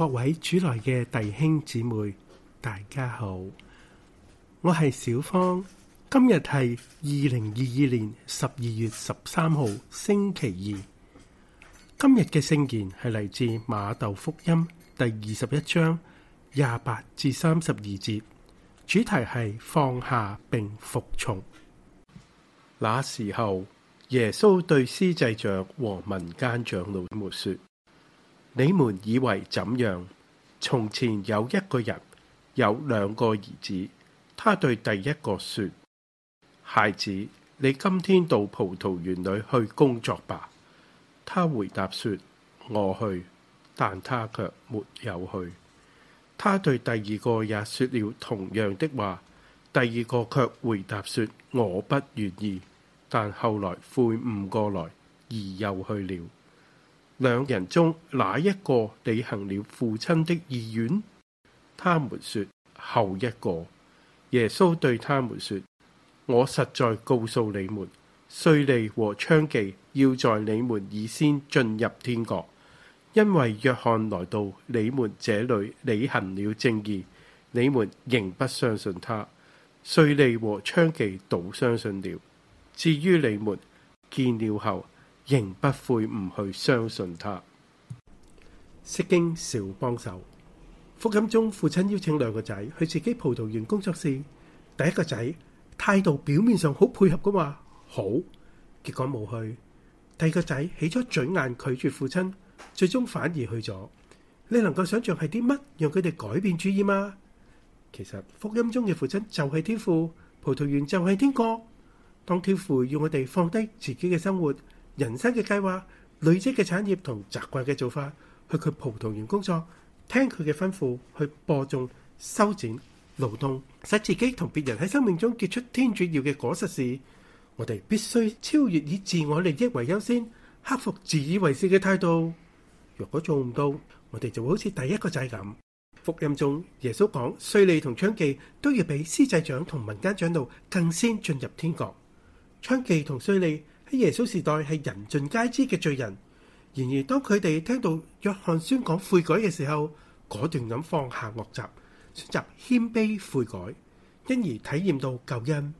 各位主內嘅弟兄姊妹，大家好，我係小芳，今日係二零二二年十二月十三號星期二。今日嘅聖言係嚟自瑪竇福音第二十一章廿八至三十二節，主題係放下並服從。那時候，耶穌對司祭長和民間長老們說。你們以為怎樣？從前有一個人，有兩個兒子，他對第一個說：“孩子，你今天到葡萄園裏去工作吧。”他回答說：“我去。”但他卻沒有去。他對第二個也說了同樣的話，第二個卻回答說：“我不願意。”但後來悔悟過來，而又去了。兩人中哪一個履行了父親的意願？他們說，後一個。耶穌對他們說：我實在告訴你們，稅吏和娼妓要在你們以先進入天國，因為若翰來到你們這裏，履行了正義，你們仍不相信他。稅吏和娼妓倒相信了。至於你們，見了後，仍不悔悟去相信他。釋經小幫手。福音中，父親邀請兩個仔去自己葡萄園工作時。第一個仔態度表面上好配合嘛，㗎嘛好，結果冇去。第二個仔起咗嘴硬拒絕父親，最終反而去咗。你能夠想象係啲乜讓佢哋改變主意嗎？其實福音中嘅父親就係天父，葡萄園就係天國。當天父要我哋放低自己嘅生活。人生嘅計劃、累積嘅產業同習慣嘅做法，去佢葡萄園工作，聽佢嘅吩咐去播種、修剪、勞動，使自己同別人喺生命中結出天主要嘅果實時，我哋必須超越以自我利益為優先，克服自以為是嘅態度。若果做唔到，我哋就會好似第一個仔咁。福音中耶穌，耶穌講，稅吏同娼妓都要比司祭長同民間長老更先進入天國。娼妓同稅吏。」喺耶穌時代係人盡皆知嘅罪人，然而當佢哋聽到若翰宣講悔改嘅時候，果斷咁放下惡習，選擇謙卑悔改，因而體驗到救恩。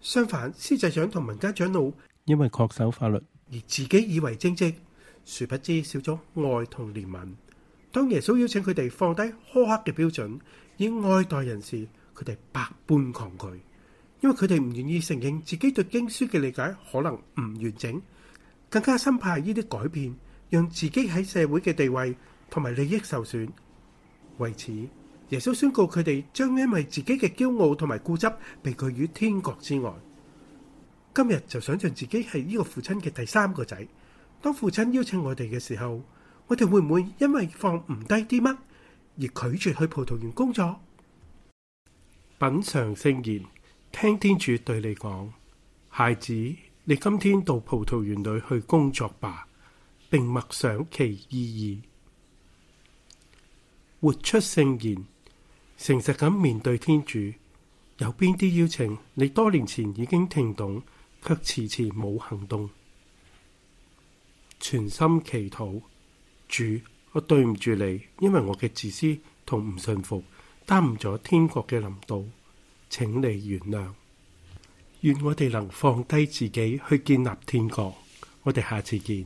相反，司祭長同民間長老因為恪守法律而自己以為正直，殊不知少咗愛同憐憫。當耶穌邀請佢哋放低苛刻嘅標準，以愛待人時，佢哋百般抗拒。因為佢哋唔願意承認自己對經書嘅理解可能唔完整，更加深怕呢啲改變讓自己喺社會嘅地位同埋利益受損。為此，耶穌宣告佢哋將因為自己嘅驕傲同埋固執被拒於天國之外。今日就想象自己係呢個父親嘅第三個仔，當父親邀請我哋嘅時候，我哋會唔會因為放唔低啲乜而拒絕去葡萄園工作？品嘗聖言。聽天主對你講，孩子，你今天到葡萄園裏去工作吧，並默想其意義。活出聖言，誠實咁面對天主。有邊啲邀請，你多年前已經聽懂，卻遲遲冇行動。全心祈禱，主，我對唔住你，因為我嘅自私同唔信服耽誤咗天國嘅臨到。請你原諒，願我哋能放低自己去建立天國。我哋下次見。